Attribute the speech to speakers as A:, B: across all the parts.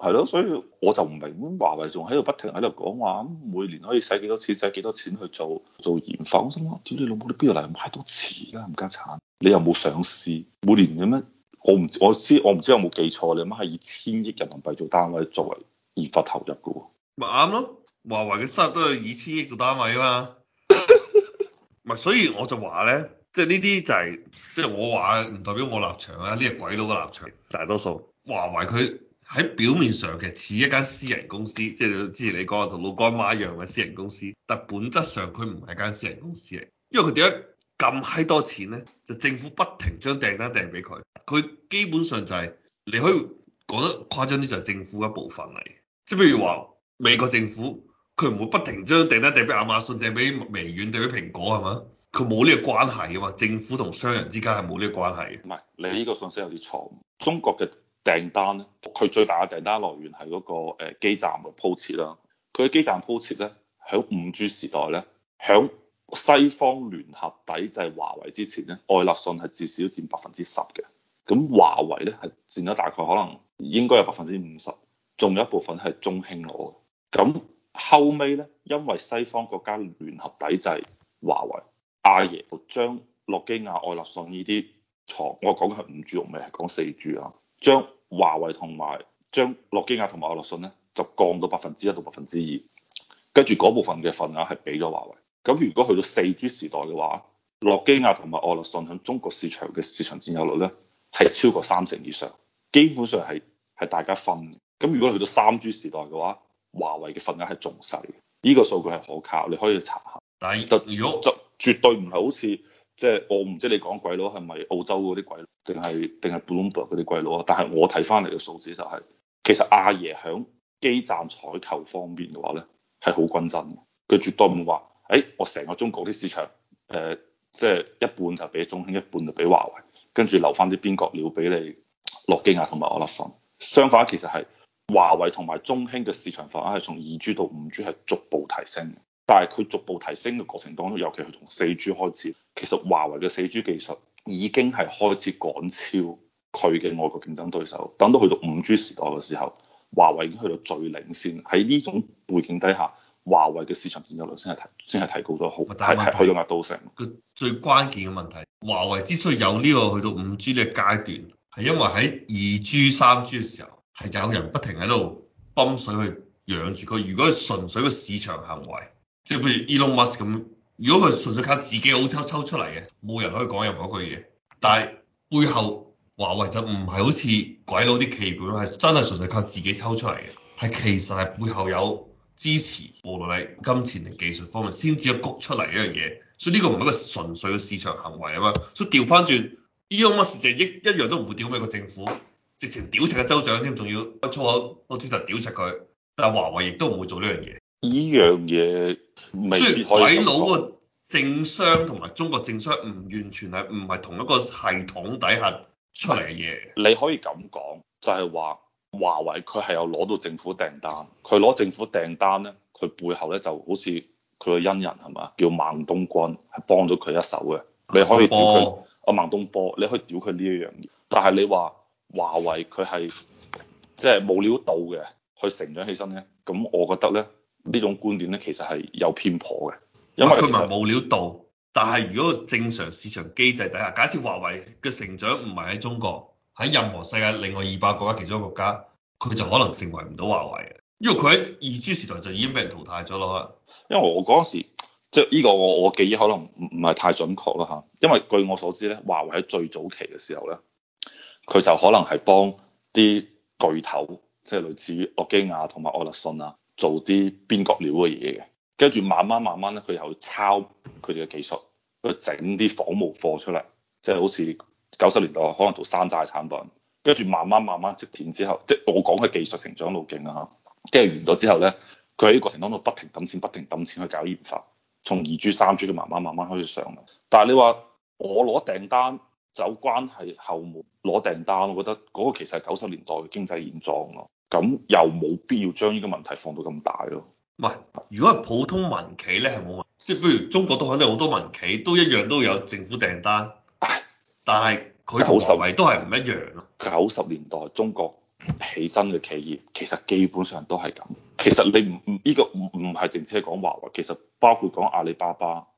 A: 係咯，所以我就唔明華為仲喺度不停喺度講話，每年可以使幾多錢，使幾多錢去做做研發。我心諗：屌你老母，你邊度嚟買多次啦，啊？冚家鏟，你又冇上市，每年有咩？我唔我知，我唔知，我知有冇記錯。你媽係以千億人民幣做單位作為研發投入嘅
B: 喎。咪啱咯，華為嘅收入都係以千億做單位啊嘛。咪所以我就話咧，即係呢啲就係即係我話唔代表我立場啊，呢係鬼佬嘅立場。立場 大多數華為佢。喺表面上其實似一間私人公司，即係之前你講嘅同老乾媽一樣嘅私人公司，但本質上佢唔係間私人公司嚟，因為佢點解咁閪多錢咧？就政府不停將訂單訂俾佢，佢基本上就係，你可以講得誇張啲就係，政府一部分嚟，即係譬如話美國政府，佢唔會不停將訂單訂俾亞馬遜、訂俾微軟、訂俾蘋果係嘛？佢冇呢個關係啊嘛，政府同商人之間係冇呢個關係嘅。唔係，你呢個信息有啲錯誤，中國嘅。訂單咧，佢最大嘅訂單
A: 來源係嗰個誒基站嘅鋪設啦。佢嘅基站鋪設咧，響五 G 時代咧，響西方聯合抵制華為之前咧，愛立信係至少佔百分之十嘅。咁華為咧係佔咗大概可能應該係百分之五十，仲有一部分係中興攞嘅。咁後尾咧，因為西方國家聯合抵制華為，阿爺就將諾基亞、愛立信呢啲廠，我講嘅係五 G，用咩？係講四 G 啊。將華為同埋將諾基亞同埋愛立信咧，就降到百分之一到百分之二，跟住嗰部分嘅份額係俾咗華為。咁如果去到四 G 時代嘅話，諾基亞同埋愛立信喺中國市場嘅市場佔有率咧係超過三成以上，基本上係係大家分嘅。咁如果去到三 G 時代嘅話，華為嘅份額係仲細。呢個數據係可靠，你可以查下。就如果就，就絕對唔係好似。即係我唔知你講鬼佬係咪澳洲嗰啲鬼佬，定係定係 Bloomberg 嗰啲鬼佬啊？但係我睇翻嚟嘅數字就係、是，其實阿爺響基站採購方面嘅話咧，係好均真嘅。佢絕對唔會話，誒、欸、我成個中國啲市場，誒即係一半就俾中興，一半就俾華為，跟住留翻啲邊角料俾你諾基亞同埋愛立信。相反，其實係華為同埋中興嘅市場份額係從二 G 到五 G 係逐步提升嘅。但係佢逐步提升嘅過程當中，尤其係從四 G 開始，其實華為嘅四 G 技術已經係開始趕超佢嘅外國競爭對手。等到去到五 G 時代嘅時候，華為已經去到最領先。喺呢種背景底下，華為嘅市場佔有率先係提先係提高咗好多，係去到壓倒性。
B: 個最關鍵嘅問題，華為之所以有呢、這個去到五 G 嘅階段，係因為喺二 G、三 G 嘅時候係有人不停喺度泵水去養住佢。如果純粹個市場行為，即係譬如 Elon Musk 咁，如果佢純粹靠自己好抽抽出嚟嘅，冇人可以講任何一句嘢。但係背後華為就唔係好似鬼佬啲企業咁，係真係純粹靠自己抽出嚟嘅，係其實係背後有支持，無論係金錢定技術方面，先至有谷出嚟一樣嘢。所以呢個唔係一個純粹嘅市場行為啊嘛。所以調翻轉 Elon Musk 就一一樣都唔會屌美國個政府，直情屌柒州長添，仲要開粗口，我似就屌柒佢。但係華為亦都唔會做呢樣嘢。
A: 呢樣嘢，雖然鬼佬個
B: 政商同埋中國政商唔完全係唔係同一個系統底下出嚟嘅嘢，你可以咁講，就係話華為佢係
A: 有攞到政府訂單，佢攞政府訂單咧，佢背後咧就好似佢個恩人係嘛，叫孟東軍係幫咗佢一手嘅，你可以屌佢阿孟東波，你可以屌佢呢一樣嘢。但係你話華為佢係即係冇料到嘅去成長起身咧，咁我覺得咧。呢種觀點咧，其實係有偏頗嘅，
B: 因為佢咪冇料到，但係如果正常市場機制底下，假設華為嘅成長唔係喺中國，喺任何世界另外二百國家其中一個國家，佢就可能成為唔到華為嘅，因為佢喺二 G 時代就已經被人淘汰咗咯。因為我嗰陣時
A: 即係呢個我我記憶可能唔唔係太準確啦嚇，因為據我所知咧，華為喺最早期嘅時候咧，佢就可能係幫啲巨頭，即係類似於諾基亞同埋愛立信啊。做啲邊角料嘅嘢嘅，跟住慢慢慢慢咧，佢又去抄佢哋嘅技術，去整啲仿冒貨出嚟，即係好似九十年代可能做山寨產品，跟住慢慢慢慢積澱之後，即係我講嘅技術成長路徑啊嚇。跟住完咗之後咧，佢喺呢個過程當中不停抌錢，不停抌錢去搞研發，從二 G 三 G 嘅慢慢慢慢開始上。但係你話我攞訂單走關係後門攞訂單，我覺得嗰個其實係九十年代嘅經濟現狀咯。咁又冇必要將呢個問題放到咁大咯？
B: 唔係，如果係普通民企咧，係冇問題，即係譬如中國都肯定好多民企，都一樣都有政府訂單。但係佢同華為都係唔一樣咯，哎。九十年代中國起身嘅企業，
A: 其實基本上都係咁。其實你唔唔呢個唔唔係淨係講華為，其實包括講阿里巴巴，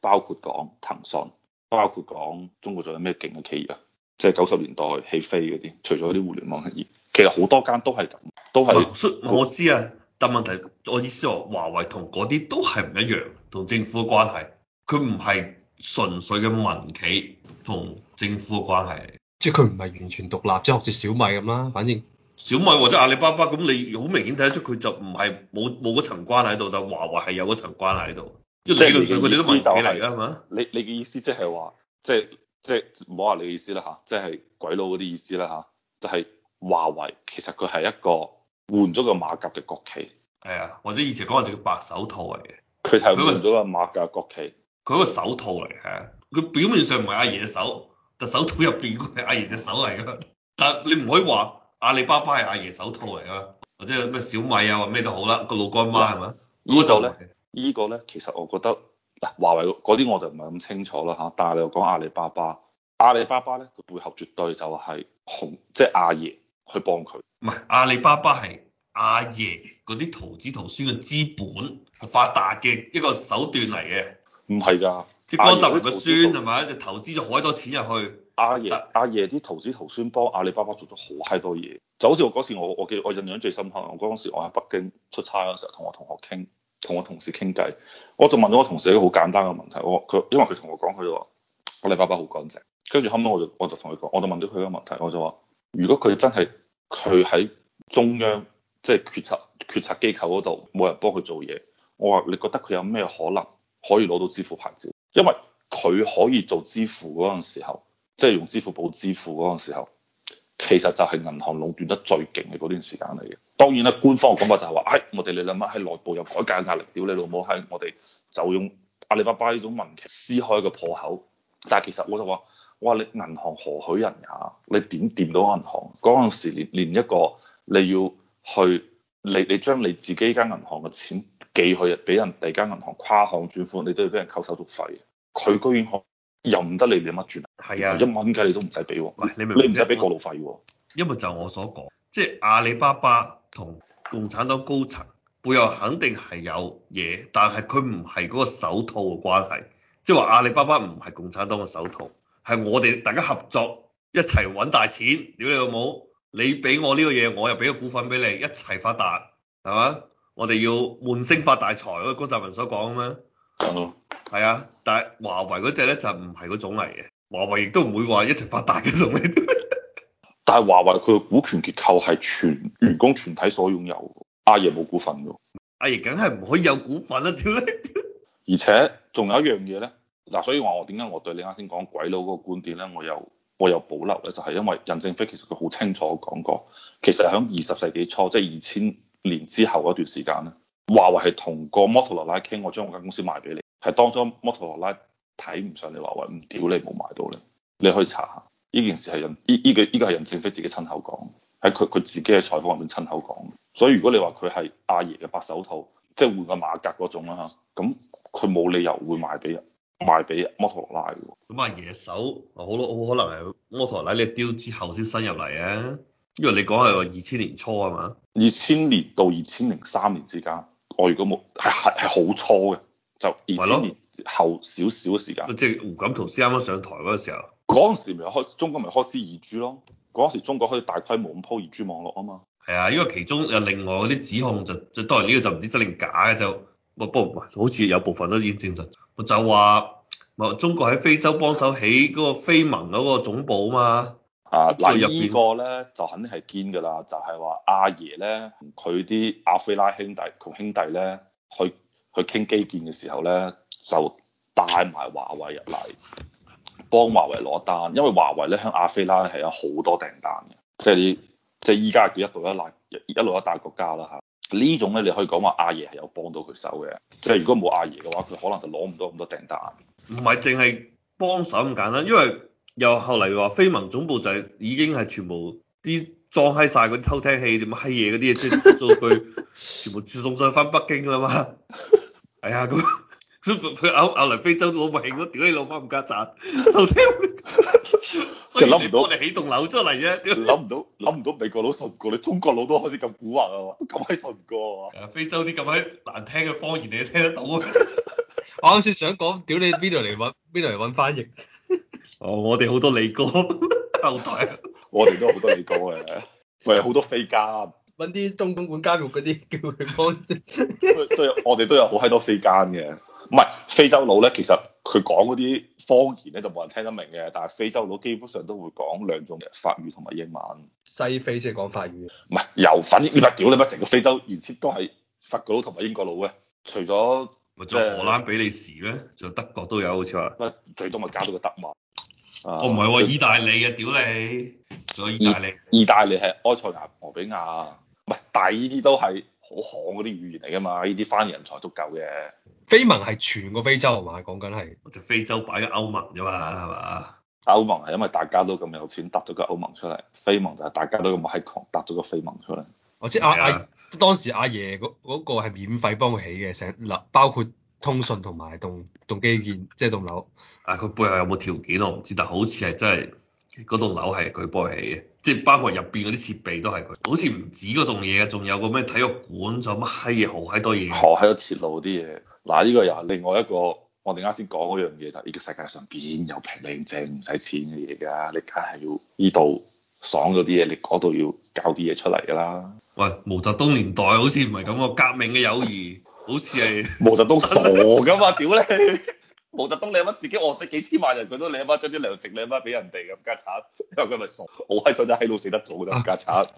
A: 包括講騰訊，包括講中國仲有咩勁嘅企業啊？即係九十年代起飛嗰啲，除咗啲互聯網企業。其實好多間都
B: 係咁，都係、嗯。我知啊，但問題我意思話，華為同嗰啲都係唔一樣，同政府嘅關係，佢唔係純粹嘅民企同政府嘅關係。即係佢唔係完全獨立，即係好似小米咁啦，反正。小米或者阿里巴巴咁，你好明顯睇得出佢就唔係冇冇嗰層關係喺度，但華為係有嗰層關係喺度。即係你嘅意思就走啦嘛？你你嘅意思即係話，即係即係唔好話你嘅意
A: 思啦吓，即係鬼佬嗰啲意思啦吓，就係。華為其實佢係一個換咗個馬
B: 甲嘅國企。係啊、哎，或者以前講話就叫白手套嚟嘅，佢係換咗個馬甲國企，佢嗰個手套嚟。係佢表面上唔係阿爺嘅手，但手套入邊嗰個係阿爺隻手嚟噶，但你唔可以話阿里巴巴係阿爺手套嚟噶，或者咩小米啊，咩都好啦，個老乾媽係嘛？這個，呢就咧，呢個咧，其實我覺
A: 得嗱，華為嗰啲我就唔係咁清楚啦吓，但係你又講阿里巴巴，
B: 阿里巴巴
A: 咧，佢背後絕對就係紅，即係阿爺。去幫佢，唔
B: 係阿里巴巴係阿爺嗰啲徒子徒孫嘅資本發達嘅一個手段嚟嘅，唔係㗎，接光就唔係孫係咪？就投資咗好多錢入去，阿
A: 爺但 阿爺啲徒子徒孫幫阿里巴巴做咗好閪多嘢，就好似我嗰時我我記我印象最深刻，我嗰陣時我喺北京出差嗰時候同我同學傾，同我同事傾偈，我就問咗我同事一個好簡單嘅問題，我佢因為佢同我講佢話阿里巴巴好乾淨，跟住後尾，我就我就同佢講，我就問咗佢一個問題，我就話如果佢真係。佢喺中央即係決策決策機構嗰度，冇人幫佢做嘢。我話你覺得佢有咩可能可以攞到支付牌照？因為佢可以做支付嗰陣時候，即係用支付寶支付嗰陣時候，其實就係銀行壟斷得最勁嘅嗰段時間嚟嘅。當然啦，官方嘅講法就係話，唉、哎，我哋你諗下，喺內部有改革壓力，屌你老母，係我哋就用阿里巴巴呢種民企撕開一個破口。但係其實我就話，我話你銀行何許人也？你點掂到銀行？嗰陣時連連一個你要去，你你將你自己間銀行嘅錢寄去，俾人第二間銀行跨行轉款，你都要俾人扣手續費。佢居然可又唔得你哋乜轉？係啊，一蚊雞你都唔使俾喎。你明唔明？你唔使俾過路費喎。
B: 因為就我所講，即係阿里巴巴同共產黨高層背後肯定係有嘢，但係佢唔係嗰個手套嘅關係。即係話阿里巴巴唔係共產黨嘅手套，係我哋大家合作一齊揾大錢。屌你老母，你俾我呢個嘢，我又俾個股份俾你，一齊發達係嘛？我哋要悶聲發大財，好似郭澤文所講咁樣。係、嗯、啊，但係華為嗰隻咧就唔係嗰種嚟嘅。華為亦都唔會話一齊發達嘅，同你。
A: 但係華為佢嘅股權結構係全員工全體所擁有，阿爺冇股份㗎。阿
B: 爺梗係唔可以有股份啦、啊！屌你。而
A: 且仲有一樣嘢呢，嗱，所以話我點解我對你啱先講鬼佬嗰個觀點咧，我有我有保留呢，就係、是、因為任正非其實佢好清楚講過，其實喺二十世紀初，即係二千年之後嗰段時間呢，華為係同個摩托羅拉傾，我將我間公司賣俾你，係當初摩托羅拉睇唔上你華為，唔屌你冇賣到呢。你可以查下呢件事，係任呢呢個呢、這個係任正非自己親口講，喺佢佢自己嘅採訪入面親口講。所以如果你話佢係阿爺嘅白手套，即、就、係、是、換個馬甲嗰種啦咁。佢冇理由會賣俾人賣俾摩托羅拉嘅喎。
B: 咁啊，野手好咯，好可能係摩托羅拉你一丟之後先伸入嚟啊。因為你講係話二千年初係嘛？二
A: 千年到二千零三年之間，我如果冇係係係好初嘅，就二千年後少少嘅時間。即係胡錦濤先啱啱上台嗰個時候。嗰陣時咪開中國咪開始二 G 咯，嗰陣時中國開始大規模咁鋪二 G 網絡啊嘛。
B: 係啊，因為其中又另外嗰啲指控就就當然呢個就唔知真定假嘅就。不，不好似有部分都已經證實。就話，中國喺非洲幫手起嗰個非盟嗰個總部啊嘛。啊，所以依個咧
A: 就肯定係堅㗎啦。就係話阿爺咧，佢啲阿菲拉兄弟同兄弟咧，去去傾基建嘅時候咧，就帶埋華為入嚟，幫華為攞單。因為華為咧響阿菲拉咧係有好多訂單嘅，即係啲即係依家叫一對一攬一路一帶國家啦嚇。種呢種咧，你可以講話阿爺係有幫到佢手嘅，即、就、係、是、如果冇阿爺嘅話，佢可能
B: 就攞唔到咁多訂單。唔係淨係幫手咁簡單，因為又後嚟話非盟總部就係已經係全部啲裝喺晒嗰啲偷聽器、乜閪嘢嗰啲嘢，即係數據全部自送曬翻北京啦嘛。係、哎、啊，咁。佢佢咬咬嚟非洲老攞唔屌你老媽咁加賺，到底所以諗唔到我哋起棟樓出嚟啫。諗唔到諗唔到美國佬順過你，中國佬都開始咁古惑啊嘛，咁閪順過啊，非洲啲咁閪難聽嘅方言你聽得到？ 我啱先想講，屌你邊度嚟揾邊度嚟揾翻譯？哦，我哋好多李哥後代，我哋都好多李哥嘅，喂，好多飛間揾啲東東莞監獄嗰啲叫佢幫先。
A: 都有，我哋都有好閪多飛間嘅。唔係非洲佬咧，其實佢講嗰啲方言咧就冇人聽得明嘅，但係非洲佬基本上都會講兩種嘅法語同埋英文。
B: 西非即係講法語。
A: 唔係，又粉，你唔係屌你乜成個非洲，原先都係法國佬同埋英國佬嘅，除咗，咪仲荷蘭比利時咧，仲德國都有好似話，最多咪搞到個德文。哦，
B: 唔係喎，意大
A: 利嘅、啊、屌你，仲有意大利。意，意大利係埃塞俄比亞，唔係，但呢啲都係。好行嗰啲語言嚟㗎嘛，呢啲翻譯人才足夠嘅。
B: 非盟係全個非洲啊嘛，講緊係，就非洲擺咗歐盟啫嘛，係嘛？歐盟係因為大家都
A: 咁有錢，搭咗個歐盟出嚟。非盟就係大家都咁閪窮，搭咗個非盟出嚟。我知阿
B: 阿當時阿、啊、爺嗰、嗰、嗰個係、嗰個、免費幫佢起嘅，成樓包括通訊同埋棟棟基建，即係棟樓。但係佢背後有冇條件我唔知，但好似係真係。嗰棟樓係佢幫起嘅，即係包括入邊嗰啲設備都係佢。好似唔止嗰棟嘢，仲有個咩體育館，仲有乜閪嘢，好、哎、閪多嘢，好閪多錢路啲嘢。嗱，呢個又係另外一個，
A: 我哋啱先講嗰樣嘢就係，依個世界上邊有平靚正唔使錢嘅嘢㗎？你梗係要呢度爽咗啲嘢，你嗰度要搞啲嘢出嚟啦。
B: 喂，毛澤東年代好似唔係咁喎，革命嘅友誼好似係毛澤東傻㗎嘛？屌你！毛澤東你阿媽自己餓死幾千萬人，佢都你阿媽將啲糧食你阿媽畀人哋咁家產，因為佢咪傻？好
A: 閪蠢，真喺度死得早嘅啦家產。